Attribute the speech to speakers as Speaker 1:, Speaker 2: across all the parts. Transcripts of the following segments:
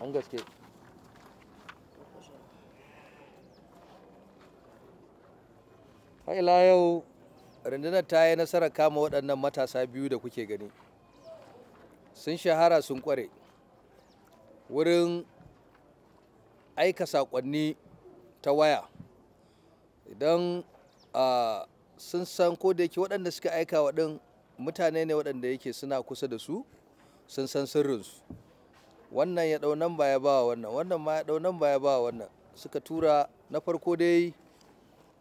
Speaker 1: an gaske ila yau rundunar ta yi nasarar kama waɗannan matasa biyu da kuke gani sun shahara sun kware wurin aika saƙonni ta waya idan sun san ko da yake waɗanda suka aika waɗin mutane ne waɗanda yake suna kusa da su sun san sirrinsu wannan ya nan ba ya ba wannan wannan ma ya nan ba ya ba wannan suka tura na farko dai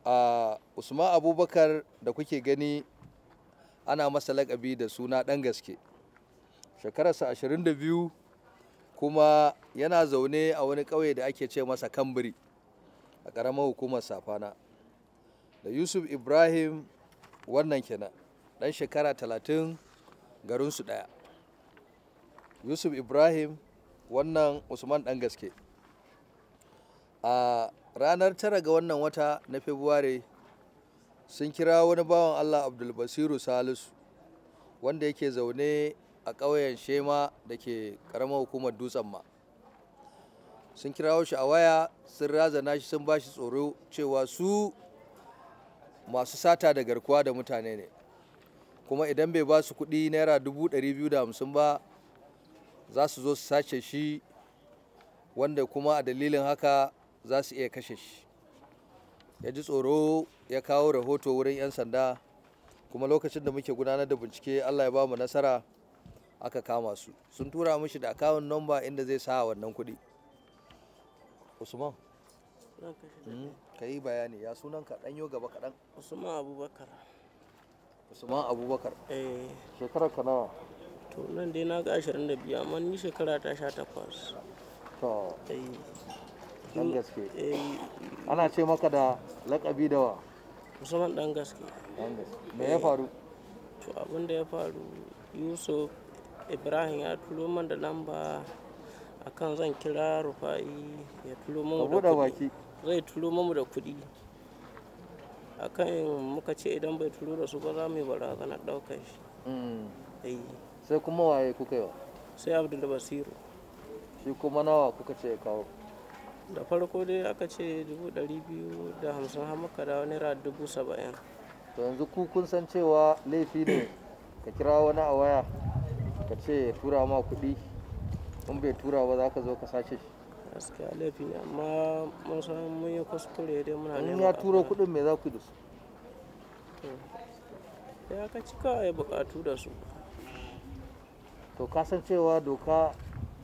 Speaker 1: a usman abubakar da kuke gani ana masa lakabi da suna ɗan gaske shekararsa 22 kuma yana zaune a wani ƙauye da ake ce masa kambiri a ƙaramar hukumar safana da yusuf ibrahim wannan kenan ɗan shekara 30 garinsu ɗaya yusuf ibrahim wannan usman dan gaske a ranar tara ga wannan wata na february sun kira wani bawan allah abdulbasiru salisu wanda yake zaune a ƙauyen shema da ke ƙaramar hukumar dutsen ma sun kirawo shi a waya sun razana shi sun ba shi tsoro cewa su masu sata da garkuwa da mutane ne kuma idan bai ba su kuɗi naira dubu ɗari biyu da hamsin ba za su zo su sace shi wanda kuma a dalilin haka za su iya kashe shi ya ji tsoro ya kawo rahoto wurin 'yan sanda kuma lokacin da muke gudanar da bincike allah ya ba mu nasara aka kama su sun tura mishi da akawun nomba inda zai sa wannan kuɗi usman hmm, ka yi bayani ya sunan ka ɗanyo gaba kaɗan usman abubakar
Speaker 2: usman abubakar eh. shekarar ka nawa to nan dai na ga biyu amma ni shekara ta sha takwas to eh. dan gaske eh. ana
Speaker 1: ce maka da lakabi da wa
Speaker 2: musamman dan gaske me ya eh. faru to abin da ya faru yusuf ibrahim ya tulo man da lamba akan zan kira rufa'i ya tulo mu da kuɗi zai tulo mu da kuɗi akan muka ce idan bai tulo da su ba za mu yi barazanar ɗaukar shi mm. sai kuma waye kuka yi sai abdul basiru shi kuma nawa kuka ce ya kawo da farko dai aka ce dubu ɗari biyu da hamsin har muka wani naira dubu saba'in
Speaker 1: to yanzu ku kun san cewa laifi ne ka kira wani a waya ka ce tura ma kuɗi in bai tura ba za ka zo ka sace shi gaskiya
Speaker 2: laifi ne amma mun san mun yi kuskure dai muna neman in ya turo kuɗin
Speaker 1: me za ku da su
Speaker 2: ya ka ci kawai buƙatu da su
Speaker 1: to kasan cewa doka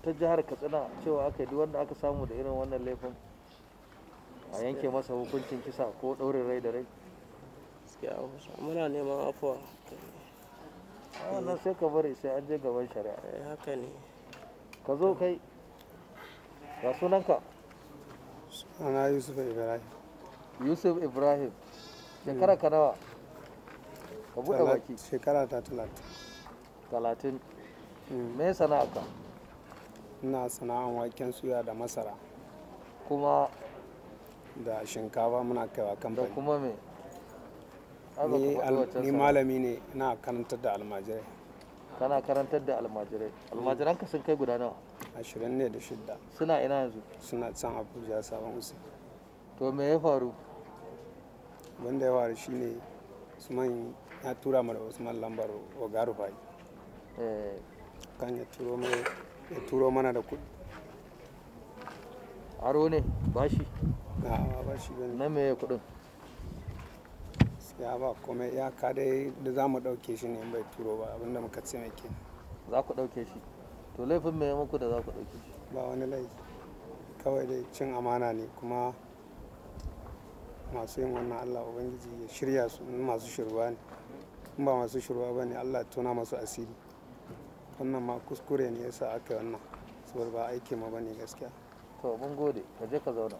Speaker 1: ta jihar katsina cewa aka yi wanda aka samu da irin wannan laifin
Speaker 2: a yanke masa hukuncin kisa ko ɗaurin rai da rai muna neman afuwa wannan sai ka
Speaker 1: bari sai an je gaban shari'a eh, haka ne ka zo
Speaker 3: kai ga sunanka sunana yusuf ibrahim
Speaker 1: yusuf ibrahim shekara ka nawa
Speaker 3: ka buɗe baki shekara ta talatin talatin Mm, me sana'a ka ina sana'an waken suya da masara kuma da shinkafa muna kaiwa kamfani da kuma me ni malami ne ina karantar da almajirai kana karantar da almajirai almajiran ka sun kai guda nawa ashirin ne da shidda suna ina yanzu suna can abuja sabon usi to me ya faru wanda ya faru shine usman ya tura mara usman lambar ogarufai eh. kan ya turo mana ya turo mana da kuɗi aro ne bashi na bashi ne. na me kuɗin ya ba kuma ya ka dai da za mu ɗauke shi ne bai turo ba abinda muka ce mai ke za ku ɗauke shi to laifin mai muku da za ku ɗauke shi ba wani laifi kawai dai cin amana ne kuma masu yin wannan allah ubangiji ya shirya su masu shirwa ne ba masu shirwa ba ne allah tona masu asiri wannan ma kuskure ne yasa aka wannan saboda ba aiki ma bane gaskiya to mun gode ka je ka zauna